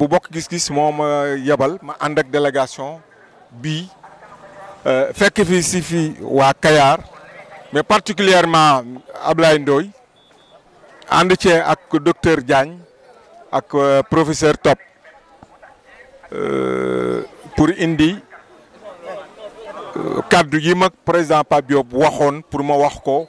bu bok gis-gis ma ak délégation euh fekk fi mais particulièrement Ablaye ndoy and ci ak docteur Diagne ak euh, professeur Top euh, pour indi euh, kaddu yi mak président Pabio pour ma wax ko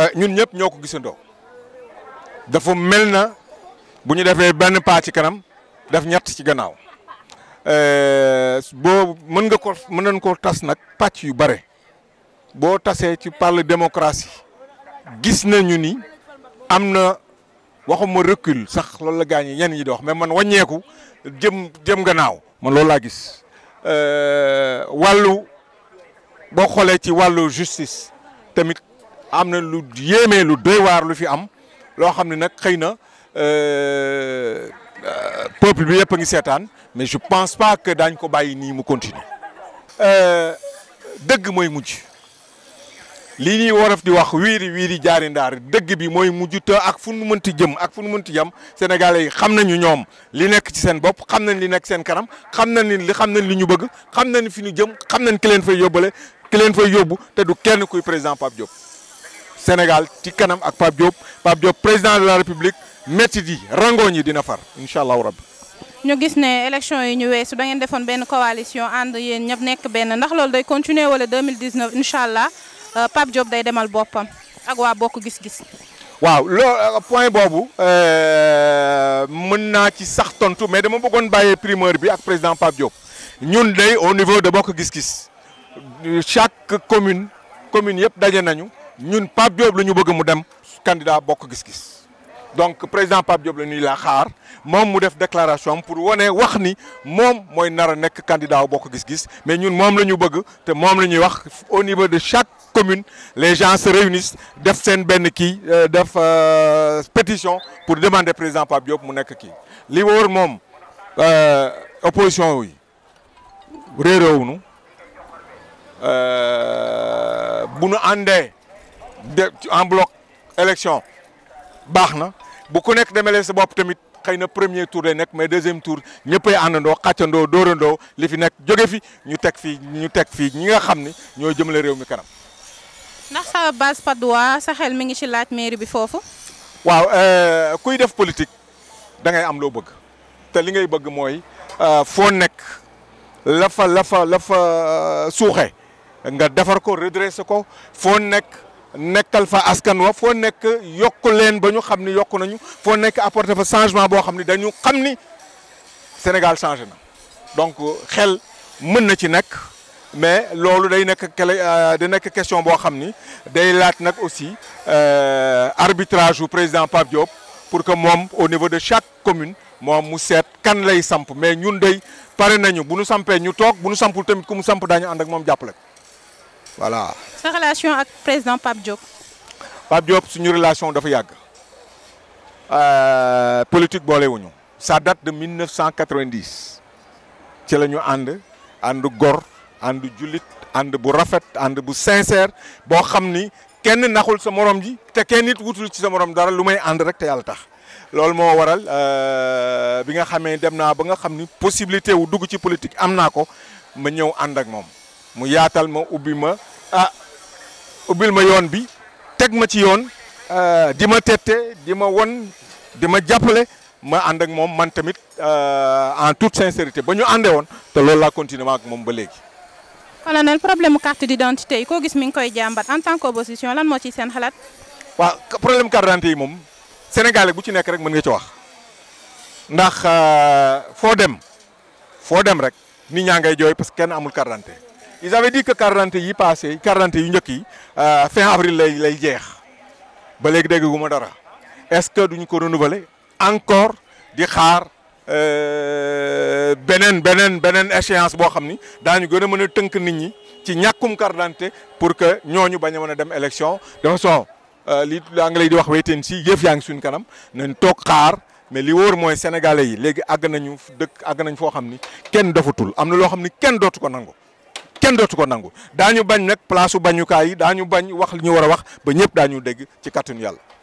Euh, ñun ñëpp ñoo ko gisandoo dafa mel na bu ñu defee benn pas ci kanam def ñett ci gannaaw euh, boo mën nga ko mën nañ ko tas nag pàcc yu bare boo tasee ci pal démocratie gis na ñu ni am na waxuma recul sax loolu la gaañ yi ñenn ñi di wax mais man wàññeeku jëm jëm gannaaw man loolu laa gis euh, wàllu boo xoolee ci wàllu justice tamit. am na lu yéeme lu doy waar lu fi am loo xam ne nag xëy na euh, euh, peuple bi yëpp a ngi seetaan mais je pense pas que daañ ko bàyyi nii mu continuer euh, dëgg mooy mujj lii nii wolof di wax wiiri wiiri jaari ndaar dëgg bi mooy mujj te ak fu nu mënti jëm ak fu nu mënti jëm sénégalais yi xam nañu ñoom li nekk ci seen bopp xam nañ li nekk seen kanam xam na ni li xam nañ li ñu bëgg xam na nañ fi ñu jëm xam nañ ki leen fay yóbbale ki leen fay yóbbu te du kenn kuy président Pape Diop. Sénégal ci kanam Pape Diop Pape Diop président de la République Métidi, Rangoni, Dinafar, Inch'Allah dina far avons ñu gis élection yi ñu da coalition nous avons Nous continuer wala 2019 inshallah, euh, Pape Diop day gis-gis. Euh, point Bobu, euh, mais président Pape Diop Nous au niveau de bokk chaque commune commune yëpp ñun Pape Diop la ñu bëgg mu dem candidat bokk gis-gis donc président Pape Diop la ñuy la xaar moom mu def déclaration pour wane wax ni moom mooy nar a candidat bokk gis-gis mais ñun moom la ñu bëgg te moom la wax au niveau de chaque commune les gens se réunissent def seen benn kii euh, def euh, pétition pour demander président Pape Diop mu nekk kii li wóor moom euh, opposition yi réeróowunu Euh, nu àndee en bloc élection baxna bu vous sa premier tamit xeyna premier tour mais deuxième tour ñeppay àndandoo xàccandoo dorando li fi fi ñu fi ñu fi ñi nga xamni ni réew mi kanam. ndax sa base Padois sa xel mi ngi ci laaj mairie bi fofu waaw euh, kuy def politique da ngay am lo bëgg té li ngay bëgg euh, la fa euh, nga ko redresser ko fo nekkal fa askan wa fo nek yokk leen ba ñu xam ni nañu foo apporter fa changement bo xamni dañu xamni Sénégal changé na donc xel mën na ci nekk mais lolu day nek de nek question bo xamni day lat nak aussi euh, arbitrage ou président Pape Diop pour que mom au niveau de chaque commune mom mu set kan lay samp mais ñun day paré nañu bu ñu sampé ñu tok bu ñu sampul tamit ku mu samp dañu and ak mom jàppale voilà. sa relation ak président Pape Diop. Pape Diop suñu relation dafa Euh, politique boolewuñu ça date de 1990 ci la ñu ànd gor ànd Julit, ànd bu rafet ànd bu sincère boo xam ni kenn naxul sa morom ji te kenn nit wutul ci sa morom dara Lumay may rek te yàlla tax loolu moo waral euh, bi nga xamé dem ba nga xamni possibilité wu dugg ci politique amna ko ma ñew and ak mom mu yaatal ma ubbi ma ah ubbil ma yoon bi teg ma ci yoon euh, di ma tette di ma won di ma jàppale ma ànd ak moom man tamit euh, en toute sincérité ba ñu àndee woon te loolu la continuer ak moom ba léegi. colonel problème carte d'identité yi koo gis mi ngi koy jàmbat en tant qu'opposition lan moo ci seen xalaat. waa problème carte d'identité yi moom sénégalais bu ci nekk rek mën nga ci wax ndax euh, foo dem foo dem rek nit ñaa ngay jooy parce que kenn amul carte d'identité ils avaient dit que quarante yi passé quarante yu njëkk yi euh, fin avril lay lay jeex ba léegi dégg dara est-ce que duñ ko renouveler encore di xaar euh, benen benen benen échéance bo xamni dañu gëna mëna a tënk nit ñi ci ñàkkum carte pour que ñoñu baña a mën a dem élection de façon euh, li anglais di wax weyteen si yef yaa ngi suñ kanam nañ tok xaar mais li wóor moy sénégalais yi légui ag nañu dëkk ag nañ fo xamni kenn dofutul am na loo xam kenn dotu ko nangu. kenn dootu ko nangu daañu bañ nag place su bañukaay yi daañu bañ wax li ñu war a wax ba ñëpp daañu dégg ci kàttanu yàlla